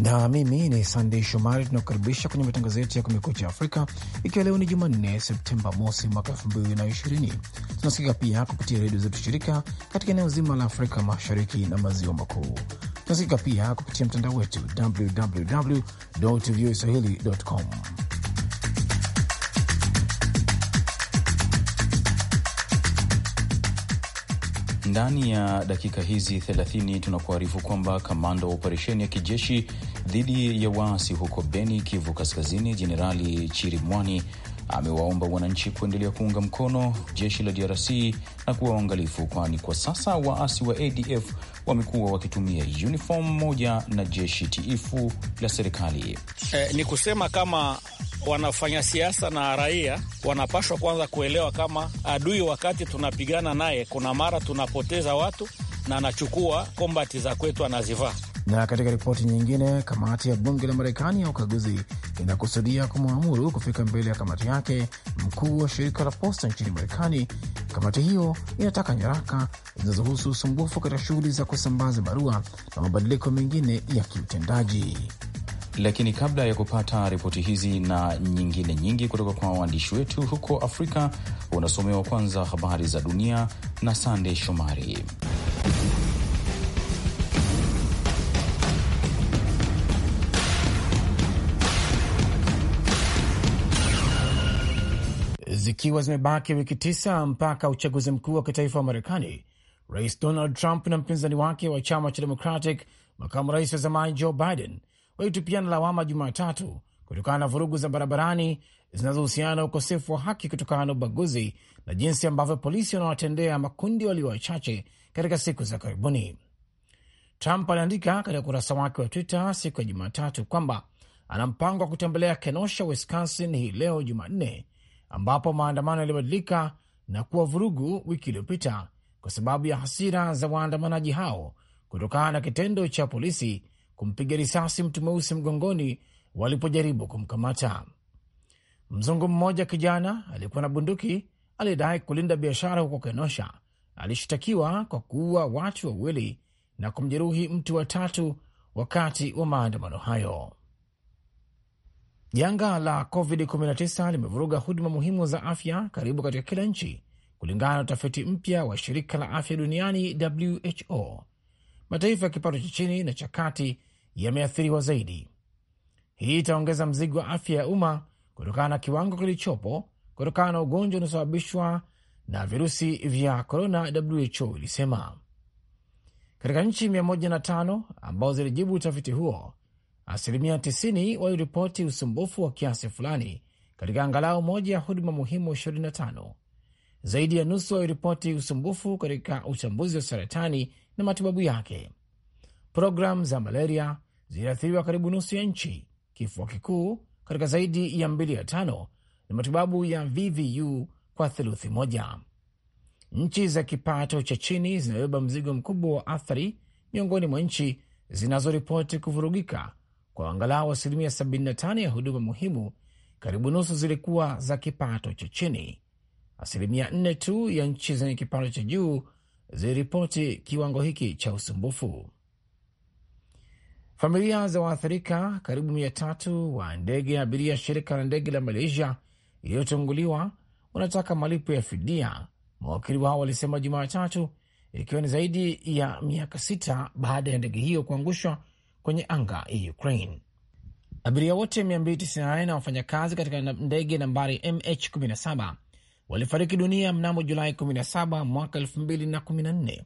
na mimi ni Sandey Shomari. Tunakukaribisha kwenye matangazo yetu ya Kumekucha Afrika, ikiwa leo ni Jumanne Septemba mosi mwaka 2020. Tunasikika pia kupitia redio zetu shirika katika eneo zima la Afrika Mashariki na Maziwa Makuu. Tunasikika pia kupitia mtandao wetu www voaswahili.com. Ndani ya dakika hizi 30 tunakuarifu kwamba kamanda wa operesheni ya kijeshi dhidi ya waasi huko Beni, Kivu Kaskazini, Jenerali Chirimwani amewaomba wananchi kuendelea kuunga mkono jeshi la DRC na kuwa waangalifu, kwani kwa sasa waasi wa ADF wamekuwa wakitumia uniform moja na jeshi tiifu la serikali. Eh, ni kusema kama wanafanya siasa na raia wanapashwa kwanza kuelewa kama adui, wakati tunapigana naye, kuna mara tunapoteza watu na anachukua kombati za kwetu anazivaa na katika ripoti nyingine, kamati ya bunge la Marekani ya ukaguzi inakusudia kumwamuru kufika mbele ya kamati yake mkuu wa shirika la posta nchini Marekani. Kamati hiyo inataka nyaraka zinazohusu usumbufu katika shughuli za kusambaza barua na mabadiliko mengine ya kiutendaji. Lakini kabla ya kupata ripoti hizi na nyingine nyingi kutoka kwa waandishi wetu huko Afrika, unasomewa kwanza habari za dunia na Sande Shomari. zikiwa zimebaki wiki tisa mpaka uchaguzi mkuu wa kitaifa wa Marekani, Rais Donald Trump na mpinzani wake wa chama cha Democratic, makamu rais wa zamani Joe Biden walitupiana lawama Jumatatu kutokana na vurugu za barabarani zinazohusiana na ukosefu wa haki kutokana na ubaguzi na jinsi ambavyo polisi wanawatendea makundi walio wachache katika siku za karibuni. Trump aliandika katika ukurasa wake wa Twitter siku ya Jumatatu kwamba ana mpango wa kutembelea Kenosha, Wisconsin hii leo Jumanne ambapo maandamano yalibadilika na kuwa vurugu wiki iliyopita kwa sababu ya hasira za waandamanaji hao kutokana na kitendo cha polisi kumpiga risasi mtu mweusi mgongoni walipojaribu kumkamata. Mzungu mmoja kijana aliyekuwa na bunduki aliyedai kulinda biashara huko Kenosha alishtakiwa kwa kuua watu wawili na kumjeruhi mtu watatu wakati wa maandamano hayo. Janga la COVID-19 limevuruga huduma muhimu za afya karibu katika kila nchi, kulingana na utafiti mpya wa shirika la afya duniani WHO. Mataifa ya kipato cha chini na cha kati yameathiriwa zaidi. Hii itaongeza mzigo wa afya ya umma kutokana na kiwango kilichopo kutokana na ugonjwa unaosababishwa na virusi vya korona, WHO ilisema. Katika nchi 105 ambazo zilijibu utafiti huo, Asilimia 90 waliripoti usumbufu wa kiasi fulani katika angalau moja ya huduma muhimu 25. Zaidi ya nusu waliripoti usumbufu katika utambuzi wa saratani na matibabu yake. Programu za malaria ziliathiriwa karibu nusu ya nchi, kifua kikuu katika zaidi ya mbili ya tano, na matibabu ya VVU kwa theluthi moja. Nchi za kipato cha chini zinabeba mzigo mkubwa wa athari miongoni mwa nchi zinazoripoti kuvurugika kwa angalau asilimia 75 ya huduma muhimu, karibu nusu zilikuwa za kipato cha chini. Asilimia 4 tu ya nchi zenye kipato cha juu ziliripoti kiwango hiki cha usumbufu. Familia za waathirika karibu mia tatu wa ndege ya abiria shirika la ndege la Malaysia iliyotunguliwa wanataka malipo ya fidia, mawakili wao walisema Jumatatu, ikiwa ni zaidi ya miaka sita baada ya ndege hiyo kuangushwa kwenye anga ya Ukraine. Abiria wote 29 na wafanyakazi katika ndege nambari MH17 walifariki dunia mnamo Julai 17 mwaka 2014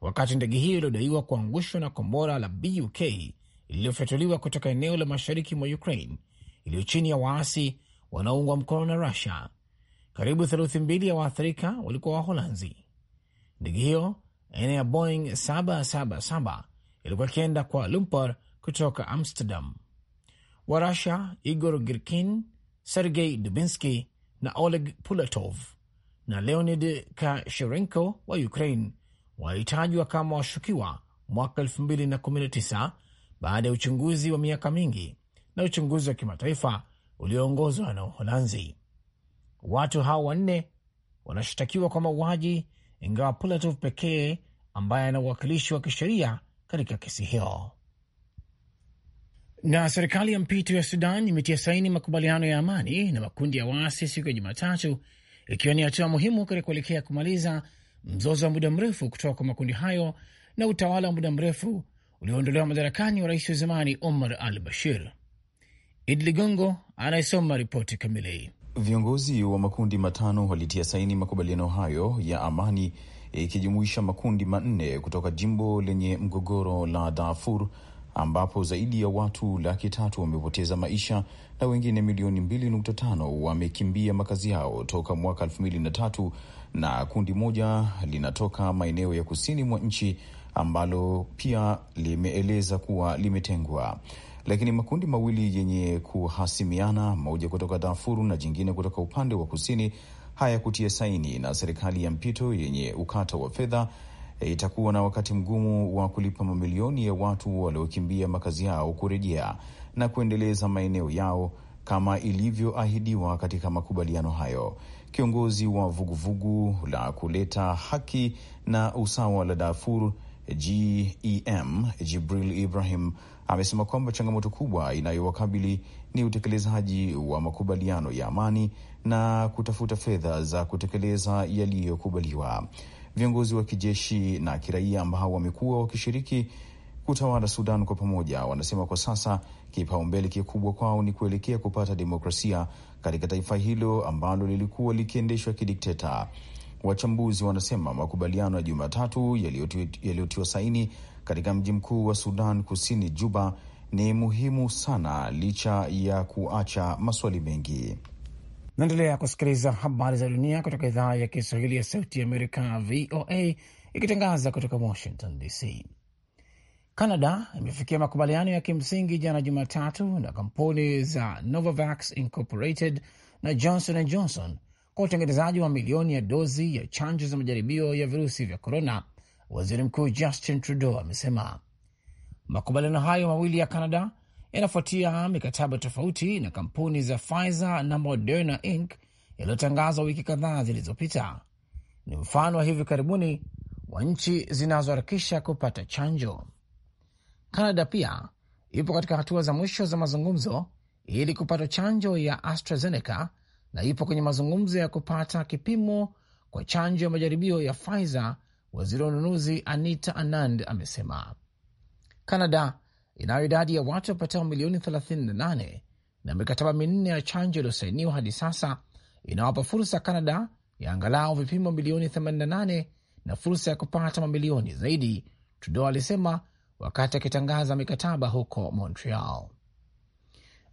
wakati ndege hiyo iliodaiwa kuangushwa na kombora la Buk iliyofyatuliwa kutoka eneo la mashariki mwa Ukraine iliyo chini ya waasi wanaoungwa mkono na Rusia. Karibu theluthi mbili ya waathirika walikuwa Waholanzi. Ndege hiyo aina ya Boeing 777 ilikuwa ikienda kwa Lumpur kutoka Amsterdam. Warasha Igor Girkin, Sergei dubinski na Oleg Pulatov na Leonid Kasherenko wa Ukraine walitajwa kama washukiwa mwaka 2019 baada ya uchunguzi wa miaka mingi na uchunguzi wa kimataifa ulioongozwa na Uholanzi. Watu hao wanne wanashitakiwa kwa mauaji, ingawa Pulatov pekee ambaye ana uwakilishi wa kisheria katika kesi hiyo. Na serikali ya mpito ya Sudan imetia saini makubaliano ya amani na makundi ya waasi siku ya Jumatatu, ikiwa ni hatua muhimu katika kuelekea kumaliza mzozo wa muda mrefu kutoka kwa makundi hayo na utawala wa muda mrefu ulioondolewa madarakani wa rais wa zamani Omar al Bashir. Idi Ligongo anayesoma ripoti kamili. Viongozi wa makundi matano walitia saini makubaliano hayo ya amani ikijumuisha makundi manne kutoka jimbo lenye mgogoro la Darfur ambapo zaidi ya watu laki tatu wamepoteza maisha na wengine milioni 2.5 wamekimbia makazi yao toka mwaka 2003 na kundi moja linatoka maeneo ya kusini mwa nchi ambalo pia limeeleza kuwa limetengwa. Lakini makundi mawili yenye kuhasimiana, moja kutoka Darfur na jingine kutoka upande wa kusini, haya kutia saini na serikali ya mpito yenye ukata wa fedha e, itakuwa na wakati mgumu wa kulipa mamilioni ya watu waliokimbia makazi yao kurejea na kuendeleza maeneo yao kama ilivyoahidiwa katika makubaliano hayo. Kiongozi wa vuguvugu vugu la kuleta haki na usawa la Darfur GEM Jibril Ibrahim amesema kwamba changamoto kubwa inayowakabili ni utekelezaji wa makubaliano ya amani na kutafuta fedha za kutekeleza yaliyokubaliwa. Viongozi wa kijeshi na kiraia ambao wamekuwa wakishiriki kutawala Sudan kwa pamoja wanasema kwa sasa kipaumbele kikubwa kwao ni kuelekea kupata demokrasia katika taifa hilo ambalo lilikuwa likiendeshwa kidikteta. Wachambuzi wanasema makubaliano ya Jumatatu yaliyotiwa saini katika mji mkuu wa Sudan Kusini, Juba, ni muhimu sana licha ya kuacha maswali mengi. Naendelea kusikiliza habari za dunia kutoka idhaa ya Kiswahili ya Sauti ya Amerika, VOA, ikitangaza kutoka Washington DC. Canada imefikia makubaliano ya kimsingi jana Jumatatu na kampuni za Novavax Incorporated na Johnson and Johnson kwa utengenezaji wa milioni ya dozi ya chanjo za majaribio ya virusi vya korona waziri mkuu Justin Trudeau amesema. Makubaliano hayo mawili ya Canada yanafuatia mikataba tofauti na kampuni za Pfizer na Moderna Inc yaliyotangazwa wiki kadhaa zilizopita. Ni mfano wa hivi karibuni wa nchi zinazoharakisha kupata chanjo. canada pia ipo katika hatua za mwisho za mazungumzo ili kupata chanjo ya AstraZeneca na ipo kwenye mazungumzo ya kupata kipimo kwa chanjo ya majaribio ya Pfizer waziri wa ununuzi Anita Anand amesema. canada inayo idadi ya watu wapatao milioni 38 na mikataba minne ya chanjo iliyosainiwa hadi sasa inawapa fursa canada ya angalau vipimo milioni 88 na fursa ya kupata mamilioni zaidi, Trudeau alisema wakati akitangaza mikataba huko Montreal.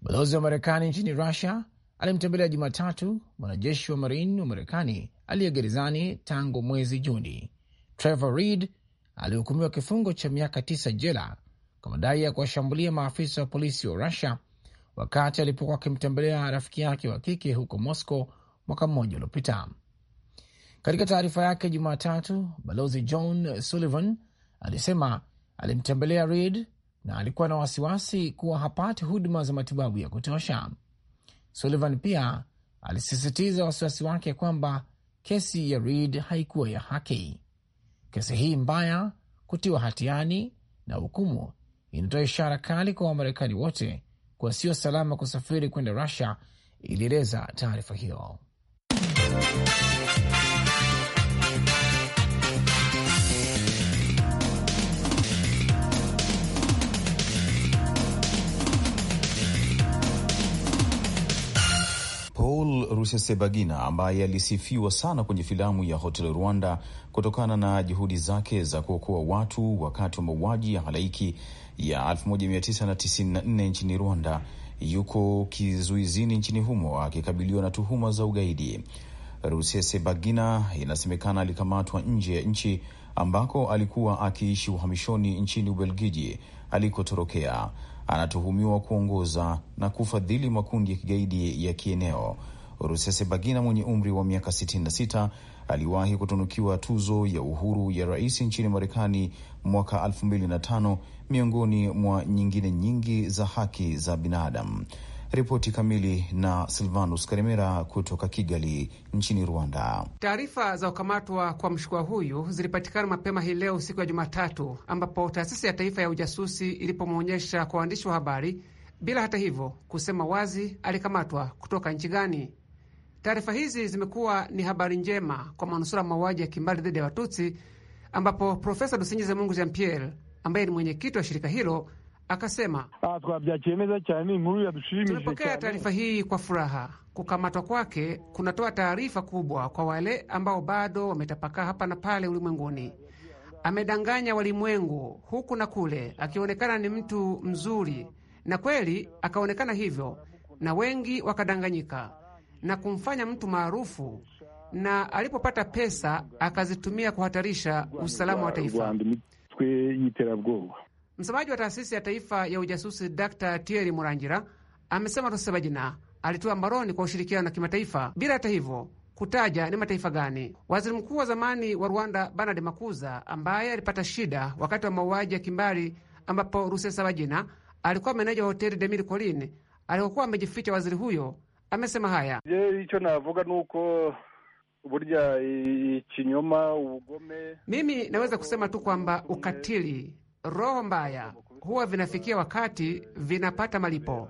Balozi wa Marekani nchini Rusia alimtembelea Jumatatu mwanajeshi wa marin wa Marekani aliye gerezani tangu mwezi Juni. Trevor Reed alihukumiwa kifungo cha miaka tisa jela kwa madai ya kuwashambulia maafisa wa polisi wa Rusia wakati alipokuwa akimtembelea rafiki yake wa kike huko Moscow mwaka mmoja uliopita. Katika taarifa yake Jumatatu, balozi John Sullivan alisema alimtembelea Reed na alikuwa na wasiwasi kuwa hapati huduma za matibabu ya kutosha. Sullivan pia alisisitiza wasiwasi wake kwamba kesi ya Reed haikuwa ya haki. Kesi hii mbaya, kutiwa hatiani na hukumu inatoa ishara kali kwa Wamarekani wote kuwa sio salama kusafiri kwenda Rusia, ilieleza taarifa hiyo. Rusesabagina ambaye alisifiwa sana kwenye filamu ya Hotel Rwanda kutokana na juhudi zake za kuokoa watu wakati wa mauaji ya halaiki ya 1994 nchini Rwanda, yuko kizuizini nchini humo akikabiliwa na tuhuma za ugaidi. rusesebagina inasemekana alikamatwa nje ya nchi ambako alikuwa akiishi uhamishoni nchini Ubelgiji alikotorokea. Anatuhumiwa kuongoza na kufadhili makundi ya kigaidi ya kieneo Rusesabagina mwenye umri wa miaka 66 aliwahi kutunukiwa tuzo ya uhuru ya rais nchini Marekani mwaka 2005 miongoni mwa nyingine nyingi za haki za binadamu. Ripoti kamili na Silvanus Karemera kutoka Kigali nchini Rwanda. Taarifa za kukamatwa kwa mshukiwa huyu zilipatikana mapema hii leo siku ya Jumatatu, ambapo taasisi ya taifa ya ujasusi ilipomwonyesha kwa waandishi wa habari, bila hata hivyo kusema wazi alikamatwa kutoka nchi gani. Taarifa hizi zimekuwa ni habari njema kwa manusura mauaji ya kimbali dhidi ya Watutsi, ambapo Profesa Dusingize Mungu Jean Pierre ambaye ni mwenyekiti wa shirika hilo akasema, ah, tumepokea taarifa hii kwa furaha. Kukamatwa kwake kunatoa taarifa kubwa kwa wale ambao bado wametapakaa hapa na pale ulimwenguni. Amedanganya walimwengu huku na kule, akionekana ni mtu mzuri, na kweli akaonekana hivyo, na wengi wakadanganyika na kumfanya mtu maarufu, na alipopata pesa akazitumia kuhatarisha usalama wa taifa. Msemaji wa taasisi ya taifa ya ujasusi Dr Thierry Murangira amesema toseba jina alitoa mbaroni kwa ushirikiano na kimataifa, bila hata hivyo kutaja ni mataifa gani. Waziri mkuu wa zamani wa Rwanda Bernard Makuza, ambaye alipata shida wakati wa mauaji ya kimbari, ambapo Rusesabagina alikuwa meneja wa hoteli Demir Colin alikokuwa amejificha waziri huyo amesema haya. Je, icyo navuga nuko burya ikinyoma ubugome, mimi naweza kusema tu kwamba ukatili, roho mbaya huwa vinafikia wakati vinapata malipo.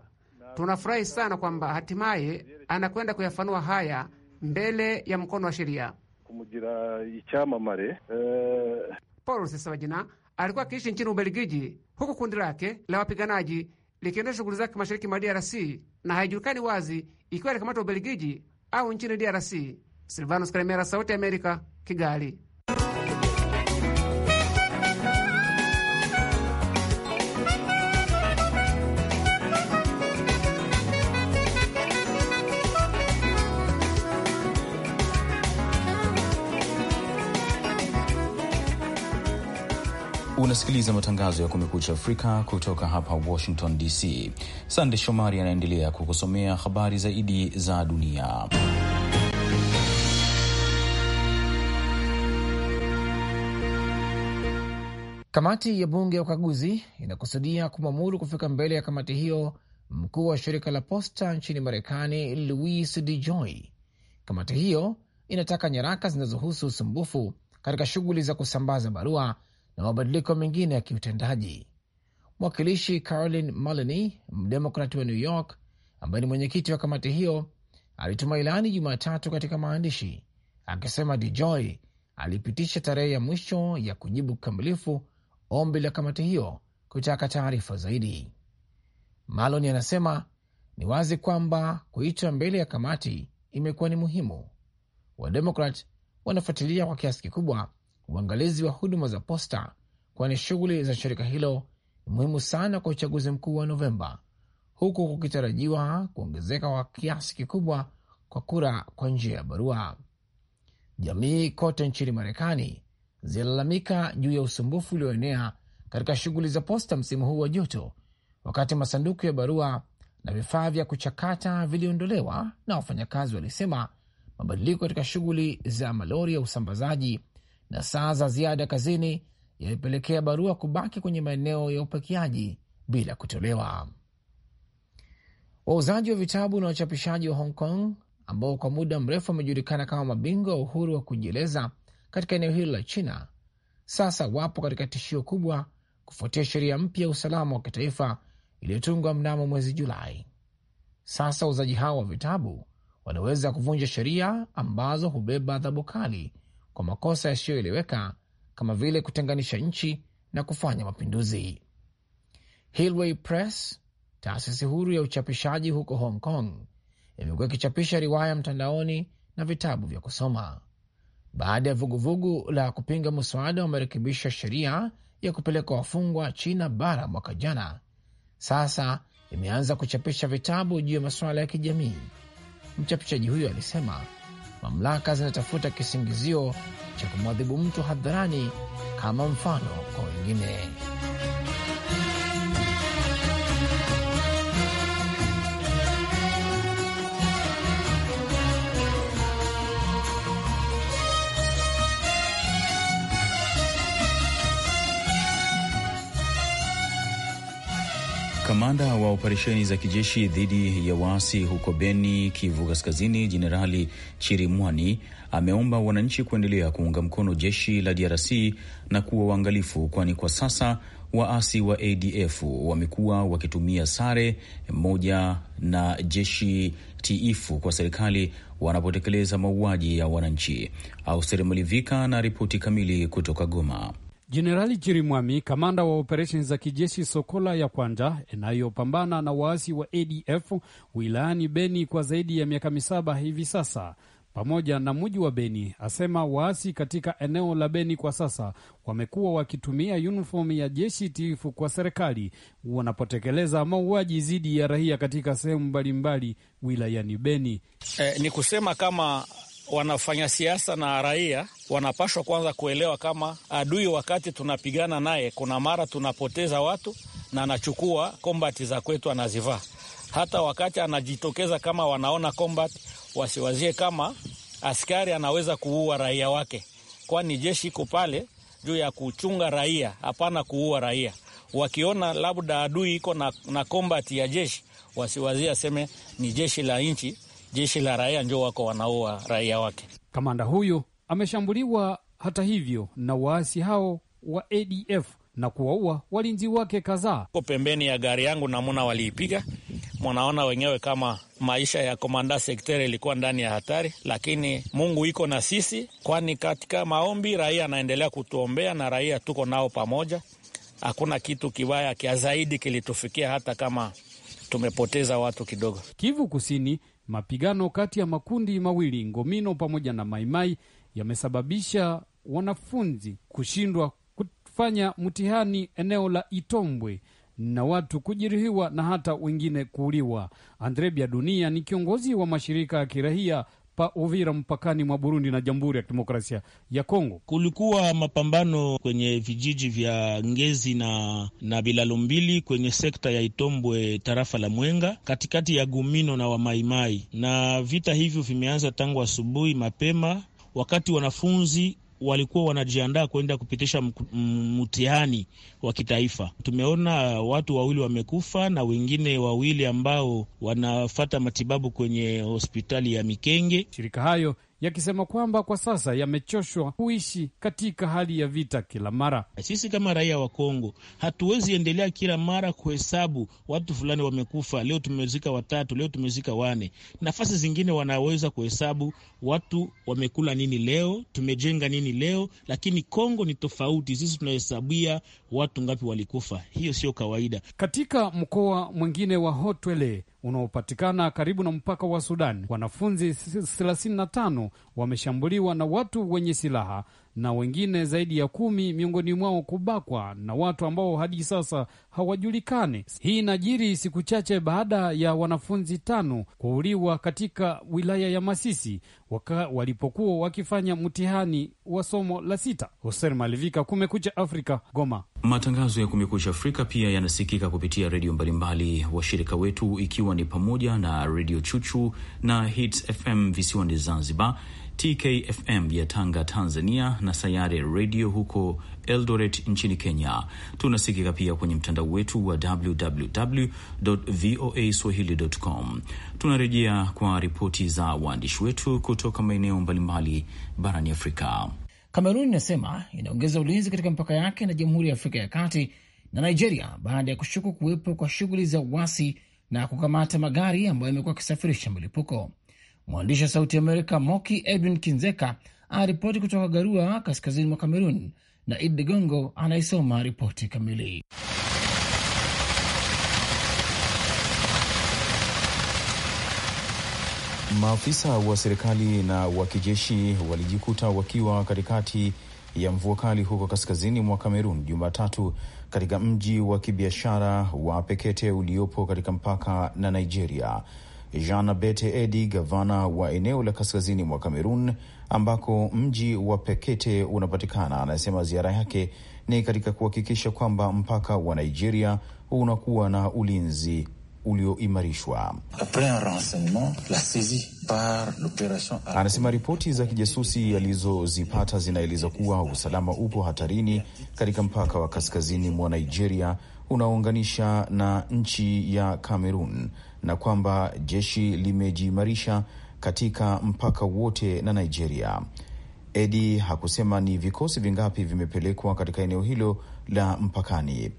Tunafurahi sana kwamba hatimaye anakwenda kuyafanua haya mbele ya mkono wa sheria. kumujira icyamamare eh. Paul Rusesabagina alikuwa akiishi nchini Ubelgiji, huku kundi lake la wapiganaji likiendesha shughuli zake mashariki mwa DRC na haijulikani wazi ikiwa likamatwa Ubelgiji au nchini DRC. Silvanos Kalemera, Sauti ya Amerika, Kigali. Unasikiliza matangazo ya Kumekucha Afrika kutoka hapa Washington DC. Sande Shomari anaendelea kukusomea habari zaidi za dunia. Kamati ya bunge ya ukaguzi inakusudia kumwamuru kufika mbele ya kamati hiyo mkuu wa shirika la posta nchini Marekani, Louis DeJoy. Kamati hiyo inataka nyaraka zinazohusu usumbufu katika shughuli za kusambaza barua na mabadiliko mengine ya kiutendaji. Mwakilishi Carolyn Maloney, mdemokrat wa New York ambaye ni mwenyekiti wa kamati hiyo, alituma ilani Jumatatu katika maandishi akisema DeJoy alipitisha tarehe ya mwisho ya kujibu kikamilifu ombi la kamati hiyo kutaka taarifa zaidi. Maloney anasema ni wazi kwamba kuitwa mbele ya kamati imekuwa ni muhimu. Wademokrat wanafuatilia kwa kiasi kikubwa uangalizi wa huduma za posta, kwani shughuli za shirika hilo ni muhimu sana kwa uchaguzi mkuu wa Novemba, huku kukitarajiwa kuongezeka kwa kiasi kikubwa kwa kura kwa njia ya barua. Jamii kote nchini Marekani zililalamika juu ya usumbufu ulioenea katika shughuli za posta msimu huu wa joto, wakati masanduku ya barua na vifaa vya kuchakata viliondolewa, na wafanyakazi walisema mabadiliko katika shughuli za malori ya usambazaji na saa za ziada kazini yalipelekea barua kubaki kwenye maeneo ya upakiaji bila kutolewa. Wauzaji wa vitabu na wachapishaji wa Hong Kong ambao kwa muda mrefu wamejulikana kama mabingwa wa uhuru wa kujieleza katika eneo hilo la China sasa wapo katika tishio kubwa kufuatia sheria mpya ya usalama wa kitaifa iliyotungwa mnamo mwezi Julai. Sasa wauzaji hao wa vitabu wanaweza kuvunja sheria ambazo hubeba adhabu kali kwa makosa yasiyoeleweka kama vile kutenganisha nchi na kufanya mapinduzi. Hillway Press, taasisi huru ya uchapishaji huko Hong Kong, imekuwa ikichapisha riwaya mtandaoni na vitabu vya kusoma baada ya vuguvugu la kupinga mswada wa marekebisho ya sheria ya kupeleka wafungwa China bara mwaka jana. Sasa imeanza kuchapisha vitabu juu ya masuala ya kijamii. Mchapishaji huyo alisema mamlaka zinatafuta kisingizio cha kumwadhibu mtu hadharani kama mfano kwa wengine. Kamanda wa operesheni za kijeshi dhidi ya waasi huko Beni, Kivu Kaskazini, Jenerali Chirimwani ameomba wananchi kuendelea kuunga mkono jeshi la DRC na kuwa waangalifu, kwani kwa sasa waasi wa ADF wamekuwa wakitumia sare moja na jeshi tiifu kwa serikali wanapotekeleza mauaji ya wananchi. Austeri Malivika na ripoti kamili kutoka Goma. Jenerali Chirimwami, kamanda wa operesheni za kijeshi Sokola ya kwanza inayopambana na waasi wa ADF wilayani Beni kwa zaidi ya miaka misaba hivi sasa pamoja na muji wa Beni asema waasi katika eneo la Beni kwa sasa wamekuwa wakitumia unifomu ya jeshi tiifu kwa serikali wanapotekeleza mauaji dhidi ya raia katika sehemu mbalimbali wilayani Beni. Eh, ni kusema kama wanafanya siasa na raia wanapashwa kwanza kuelewa kama adui, wakati tunapigana naye, kuna mara tunapoteza watu na anachukua kombati za kwetu anazivaa. Hata wakati anajitokeza kama wanaona kombati, wasiwazie kama askari anaweza kuua raia wake, kwani jeshi iko pale juu ya kuchunga raia, hapana kuua raia. Wakiona labda adui iko na, na kombati ya jeshi, wasiwazie aseme ni jeshi la nchi jeshi la raia ndio wako wanaua raia wake. Kamanda huyo ameshambuliwa hata hivyo na waasi hao wa ADF na kuwaua walinzi wake kadhaa. Ko pembeni ya gari yangu namuna waliipiga, mwanaona wenyewe kama maisha ya komanda sekteri ilikuwa ndani ya hatari, lakini Mungu iko na sisi, kwani katika maombi raia anaendelea kutuombea na raia tuko nao pamoja. Hakuna kitu kibaya kia zaidi kilitufikia hata kama tumepoteza watu kidogo. Kivu Kusini Mapigano kati ya makundi mawili Ngomino pamoja na Maimai yamesababisha wanafunzi kushindwa kufanya mtihani eneo la Itombwe na watu kujeruhiwa na hata wengine kuuliwa. Andre Bia Dunia ni kiongozi wa mashirika ya kirahia pa Uvira mpakani mwa Burundi na Jamhuri ya Kidemokrasia ya Kongo. Kulikuwa mapambano kwenye vijiji vya Ngezi na, na Bilalo mbili kwenye sekta ya Itombwe tarafa la Mwenga katikati ya Gumino na Wamaimai, na vita hivyo vimeanza tangu asubuhi mapema wakati wanafunzi walikuwa wanajiandaa kwenda kupitisha mtihani wa kitaifa. Tumeona watu wawili wamekufa na wengine wawili ambao wanafata matibabu kwenye hospitali ya Mikenge. Shirika hayo yakisema kwamba kwa sasa yamechoshwa kuishi katika hali ya vita kila mara. Sisi kama raia wa Kongo hatuwezi endelea kila mara kuhesabu watu fulani wamekufa, leo tumezika watatu, leo tumezika wane. Nafasi zingine wanaweza kuhesabu watu wamekula nini leo, tumejenga nini leo, lakini Kongo ni tofauti. Sisi tunahesabia watu ngapi walikufa, hiyo sio kawaida. Katika mkoa mwingine wa Hotwele unaopatikana karibu na mpaka wa Sudan. Wanafunzi 35 wameshambuliwa na watu wenye silaha na wengine zaidi ya kumi miongoni mwao kubakwa na watu ambao hadi sasa hawajulikani. Hii inajiri siku chache baada ya wanafunzi tano kuuliwa katika wilaya ya Masisi waka walipokuwa wakifanya mtihani wa somo la sita. Hosen Malivika, Kumekucha Afrika, Goma. Matangazo ya Kumekucha Afrika pia yanasikika kupitia redio mbalimbali washirika wetu, ikiwa ni pamoja na Redio Chuchu na Hits FM visiwani Zanzibar, TKFM ya Tanga, Tanzania, na Sayare Redio huko Eldoret nchini Kenya. Tunasikika pia kwenye mtandao wetu wa www voa swahili com. Tunarejea kwa ripoti za waandishi wetu kutoka maeneo mbalimbali barani Afrika. Kamerun inasema inaongeza ulinzi katika mipaka yake na Jamhuri ya Afrika ya Kati na Nigeria baada ya kushuku kuwepo kwa shughuli za uasi na kukamata magari ambayo yamekuwa akisafirisha milipuko. Mwandishi wa Sauti Amerika Moki Edwin Kinzeka anaripoti kutoka Garua, kaskazini mwa Kamerun, na Idi Ligongo anaisoma ripoti kamili. Maafisa wa serikali na wa kijeshi walijikuta wakiwa katikati ya mvua kali huko kaskazini mwa Kamerun Jumatatu, katika mji wa kibiashara wa Pekete uliopo katika mpaka na Nigeria. Jean-Baptiste Edi, gavana wa eneo la kaskazini mwa Kamerun ambako mji wa Pekete unapatikana, anasema ziara yake ni katika kuhakikisha kwamba mpaka wa Nigeria unakuwa na ulinzi ulioimarishwa. Anasema ripoti za kijasusi alizozipata zinaeleza kuwa usalama upo hatarini katika mpaka wa kaskazini mwa Nigeria unaounganisha na nchi ya Kamerun na kwamba jeshi limejiimarisha katika mpaka wote na Nigeria. Edi hakusema ni vikosi vingapi vimepelekwa katika eneo hilo la mpakani.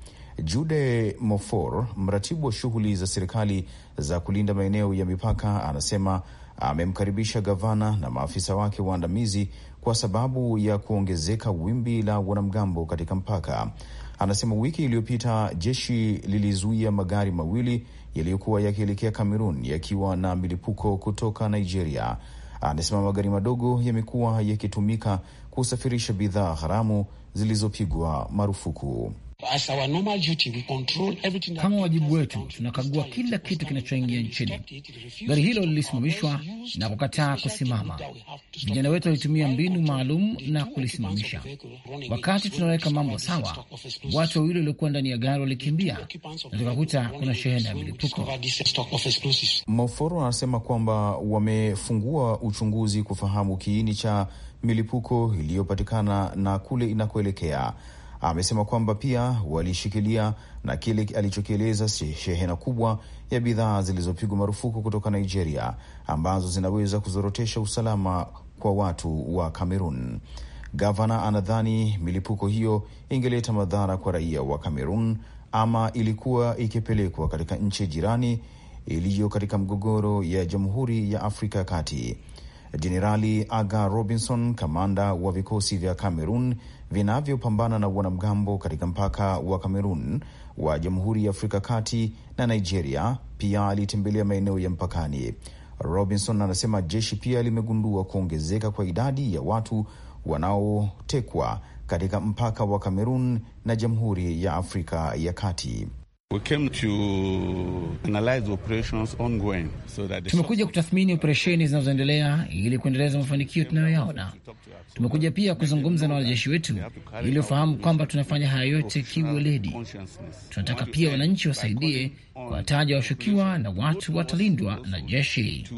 Jude Mofor, mratibu wa shughuli za serikali za kulinda maeneo ya mipaka, anasema amemkaribisha gavana na maafisa wake waandamizi kwa sababu ya kuongezeka wimbi la wanamgambo katika mpaka. Anasema wiki iliyopita jeshi lilizuia magari mawili yaliyokuwa yakielekea Kamerun yakiwa na milipuko kutoka Nigeria. Anasema magari madogo yamekuwa yakitumika kusafirisha bidhaa haramu zilizopigwa marufuku. Kama wajibu wetu, tunakagua kila kitu kinachoingia nchini. Gari hilo lilisimamishwa na kukataa kusimama. Vijana wetu walitumia mbinu maalum na kulisimamisha. Wakati tunaweka mambo sawa, watu wawili waliokuwa ndani ya gari walikimbia na tukakuta kuna shehena ya milipuko. Moforo anasema kwamba wamefungua uchunguzi kufahamu kiini cha milipuko iliyopatikana na kule inakoelekea amesema kwamba pia walishikilia na kile alichokieleza shehena kubwa ya bidhaa zilizopigwa marufuku kutoka Nigeria ambazo zinaweza kuzorotesha usalama kwa watu wa Kamerun. Gavana anadhani milipuko hiyo ingeleta madhara kwa raia wa Kamerun ama ilikuwa ikipelekwa katika nchi jirani iliyo katika mgogoro ya Jamhuri ya Afrika ya Kati. Jenerali Aga Robinson, kamanda wa vikosi vya Kamerun vinavyopambana na wanamgambo katika mpaka wa Kamerun wa Jamhuri ya Afrika Kati na Nigeria. Pia alitembelea maeneo ya mpakani. Robinson anasema jeshi pia limegundua kuongezeka kwa idadi ya watu wanaotekwa katika mpaka wa Kamerun na Jamhuri ya Afrika ya Kati. Tumekuja kutathmini operesheni zinazoendelea ili kuendeleza mafanikio tunayoyaona. Tumekuja pia kuzungumza na wanajeshi wetu ili ufahamu kwamba tunafanya haya yote kiweledi. Tunataka pia wananchi wasaidie kuwataja washukiwa na watu watalindwa na jeshi.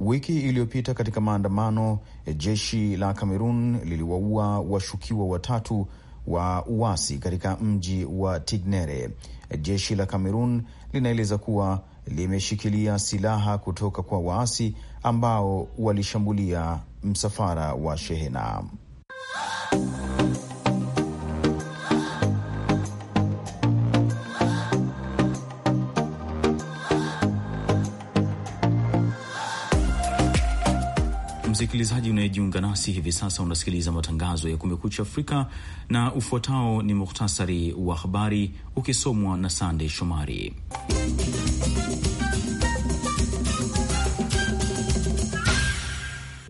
Wiki iliyopita katika maandamano, jeshi la Kamerun liliwaua washukiwa watatu wa uasi katika mji wa Tignere. Jeshi la Kamerun linaeleza kuwa limeshikilia silaha kutoka kwa waasi ambao walishambulia msafara wa shehena Msikilizaji unayejiunga nasi hivi sasa, unasikiliza matangazo ya Kumekucha Afrika na ufuatao ni muhtasari wa habari ukisomwa na Sandey Shomari.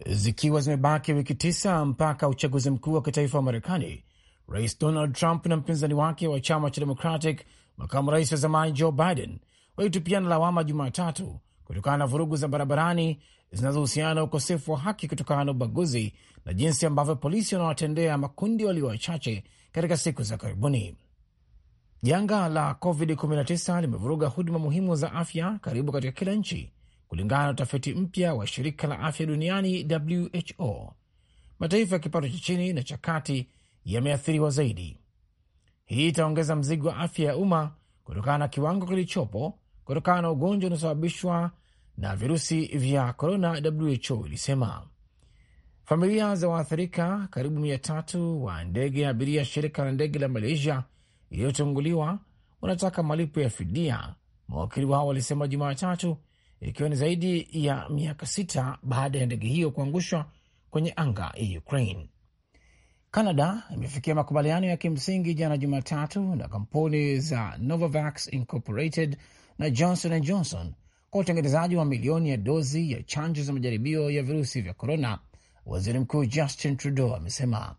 Zikiwa zimebaki wiki tisa mpaka uchaguzi mkuu wa kitaifa wa Marekani, Rais Donald Trump na mpinzani wake wa chama cha Democratic, makamu rais wa zamani Joe Biden walitupiana lawama Jumatatu kutokana na vurugu za barabarani zinazohusiana na ukosefu wa haki kutokana na ubaguzi na jinsi ambavyo polisi wanawatendea makundi walio wachache katika siku za karibuni. Janga la COVID-19 limevuruga huduma muhimu za afya karibu katika kila nchi, kulingana na utafiti mpya wa shirika la afya duniani WHO. Mataifa ya kipato cha chini na cha kati yameathiriwa zaidi. Hii itaongeza mzigo wa afya ya umma kutokana na kiwango kilichopo kutokana na ugonjwa unaosababishwa na virusi vya korona, WHO ilisema. Familia za waathirika karibu mia tatu wa ndege ya abiria shirika la ndege la Malaysia iliyotunguliwa wanataka malipo ya fidia, mawakili wao walisema Jumatatu, ikiwa ni zaidi ya miaka sita baada ya ndege hiyo kuangushwa kwenye anga ya Ukraine. Canada imefikia makubaliano ya kimsingi jana Jumatatu na kampuni za Novavax Incorporated na Johnson and Johnson kwa utengenezaji wa milioni ya dozi ya chanjo za majaribio ya virusi vya korona. Waziri Mkuu Justin Trudeau amesema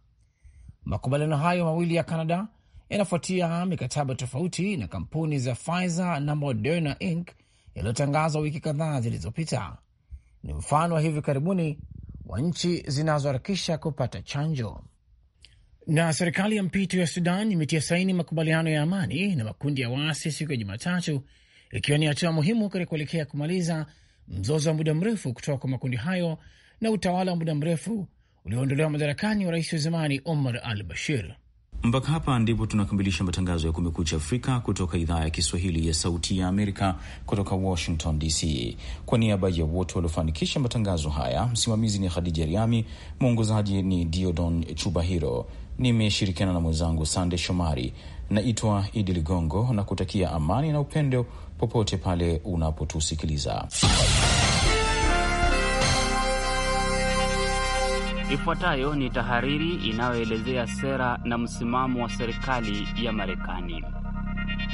makubaliano hayo mawili ya Canada yanafuatia mikataba tofauti na kampuni za Pfizer na Moderna Inc yaliyotangazwa wiki kadhaa zilizopita. Ni mfano wa hivi karibuni wa nchi zinazoharakisha kupata chanjo. Na serikali ya mpito ya Sudan imetia saini makubaliano ya amani na makundi ya waasi siku ya Jumatatu ikiwa ni hatua muhimu katika kuelekea kumaliza mzozo wa muda mrefu kutoka kwa makundi hayo na utawala wa muda mrefu ulioondolewa madarakani wa rais wa zamani Omar al Bashir. Mpaka hapa ndipo tunakamilisha matangazo ya Kumekucha Afrika kutoka idhaa ya Kiswahili ya Sauti ya Amerika, kutoka Washington DC. Kwa niaba ya wote waliofanikisha matangazo haya, msimamizi ni Khadija Riami, mwongozaji ni Diodon Chubahiro nimeshirikiana na mwenzangu Sande Shomari. Naitwa Idi Ligongo na kutakia amani na upendo popote pale unapotusikiliza. Ifuatayo ni tahariri inayoelezea sera na msimamo wa serikali ya Marekani.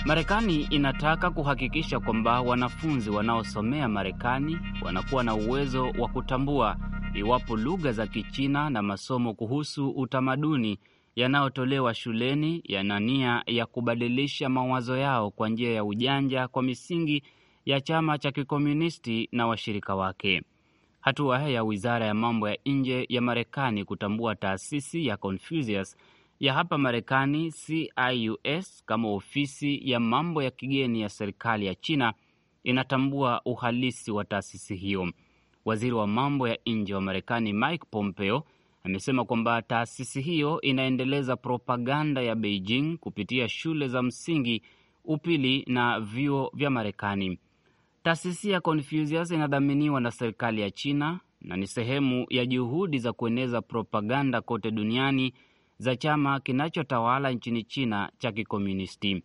Marekani inataka kuhakikisha kwamba wanafunzi wanaosomea Marekani wanakuwa na uwezo wa kutambua iwapo lugha za Kichina na masomo kuhusu utamaduni yanayotolewa shuleni yana nia ya kubadilisha mawazo yao kwa njia ya ujanja kwa misingi ya chama cha kikomunisti na washirika wake. Hatua ya wizara ya mambo ya nje ya Marekani kutambua taasisi ya Confucius ya hapa Marekani, CIUS, kama ofisi ya mambo ya kigeni ya serikali ya China inatambua uhalisi wa taasisi hiyo. Waziri wa mambo ya nje wa Marekani Mike Pompeo amesema kwamba taasisi hiyo inaendeleza propaganda ya Beijing kupitia shule za msingi, upili na vyuo vya Marekani. Taasisi ya Confucius inadhaminiwa na serikali ya China na ni sehemu ya juhudi za kueneza propaganda kote duniani za chama kinachotawala nchini China cha Kikomunisti.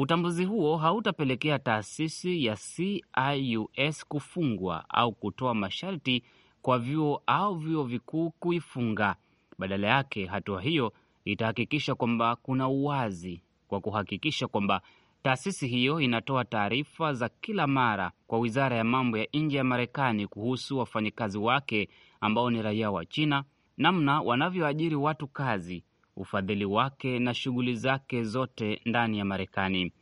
Utambuzi huo hautapelekea taasisi ya CIUS kufungwa au kutoa masharti kwa vyuo au vyuo vikuu kuifunga. Badala yake, hatua hiyo itahakikisha kwamba kuna uwazi kwa kuhakikisha kwamba taasisi hiyo inatoa taarifa za kila mara kwa Wizara ya Mambo ya Nje ya Marekani kuhusu wafanyakazi wake ambao ni raia wa China, namna wanavyoajiri watu kazi, ufadhili wake na shughuli zake zote ndani ya Marekani.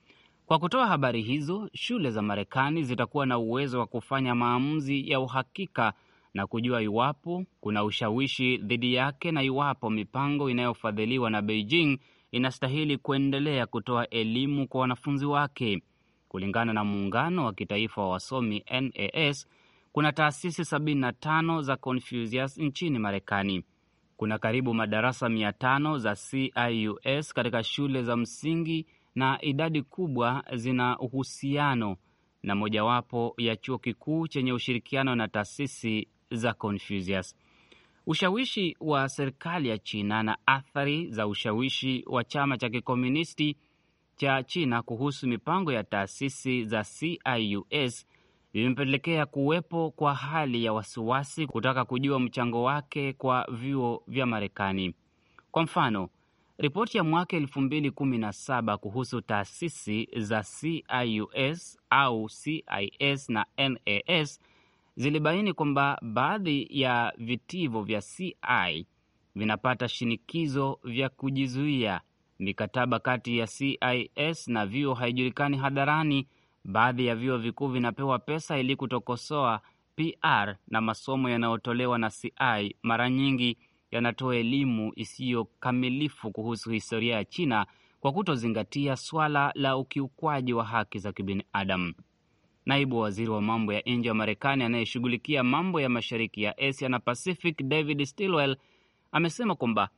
Kwa kutoa habari hizo, shule za Marekani zitakuwa na uwezo wa kufanya maamuzi ya uhakika na kujua iwapo kuna ushawishi dhidi yake na iwapo mipango inayofadhiliwa na Beijing inastahili kuendelea kutoa elimu kwa wanafunzi wake. Kulingana na muungano wa kitaifa wa wasomi NAS, kuna taasisi 75 za Confucius nchini Marekani. Kuna karibu madarasa mia tano za CIUS katika shule za msingi na idadi kubwa zina uhusiano na mojawapo ya chuo kikuu chenye ushirikiano na taasisi za Confucius. Ushawishi wa serikali ya China na athari za ushawishi wa chama cha kikomunisti cha China kuhusu mipango ya taasisi za CIUS vimepelekea kuwepo kwa hali ya wasiwasi kutaka kujua mchango wake kwa vyuo vya Marekani. Kwa mfano, ripoti ya mwaka elfu mbili kumi na saba kuhusu taasisi za CIUS au CIS na NAS zilibaini kwamba baadhi ya vitivo vya CI vinapata shinikizo vya kujizuia. Mikataba kati ya CIS na vyuo haijulikani hadharani Baadhi ya vyuo vikuu vinapewa pesa ili kutokosoa PR na masomo yanayotolewa na CI mara nyingi yanatoa elimu isiyokamilifu kuhusu historia ya China kwa kutozingatia swala la ukiukwaji wa haki za kibinadamu. Naibu waziri wa mambo ya nje wa Marekani anayeshughulikia mambo ya mashariki ya Asia na Pacific, David Stilwell, amesema kwamba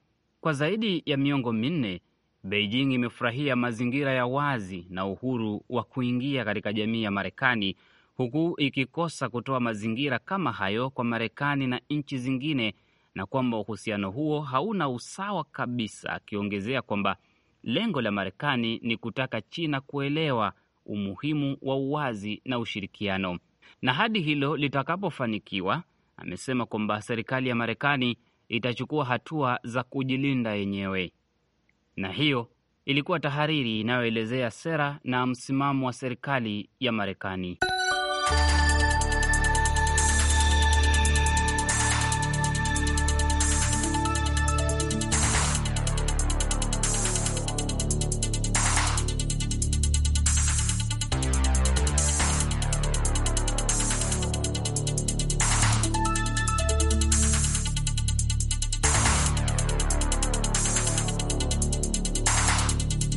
kwa zaidi ya miongo minne Beijing imefurahia mazingira ya wazi na uhuru wa kuingia katika jamii ya Marekani, huku ikikosa kutoa mazingira kama hayo kwa Marekani na nchi zingine, na kwamba uhusiano huo hauna usawa kabisa, akiongezea kwamba lengo la Marekani ni kutaka China kuelewa umuhimu wa uwazi na ushirikiano, na hadi hilo litakapofanikiwa, amesema kwamba serikali ya Marekani itachukua hatua za kujilinda yenyewe na hiyo ilikuwa tahariri inayoelezea sera na msimamo wa serikali ya Marekani.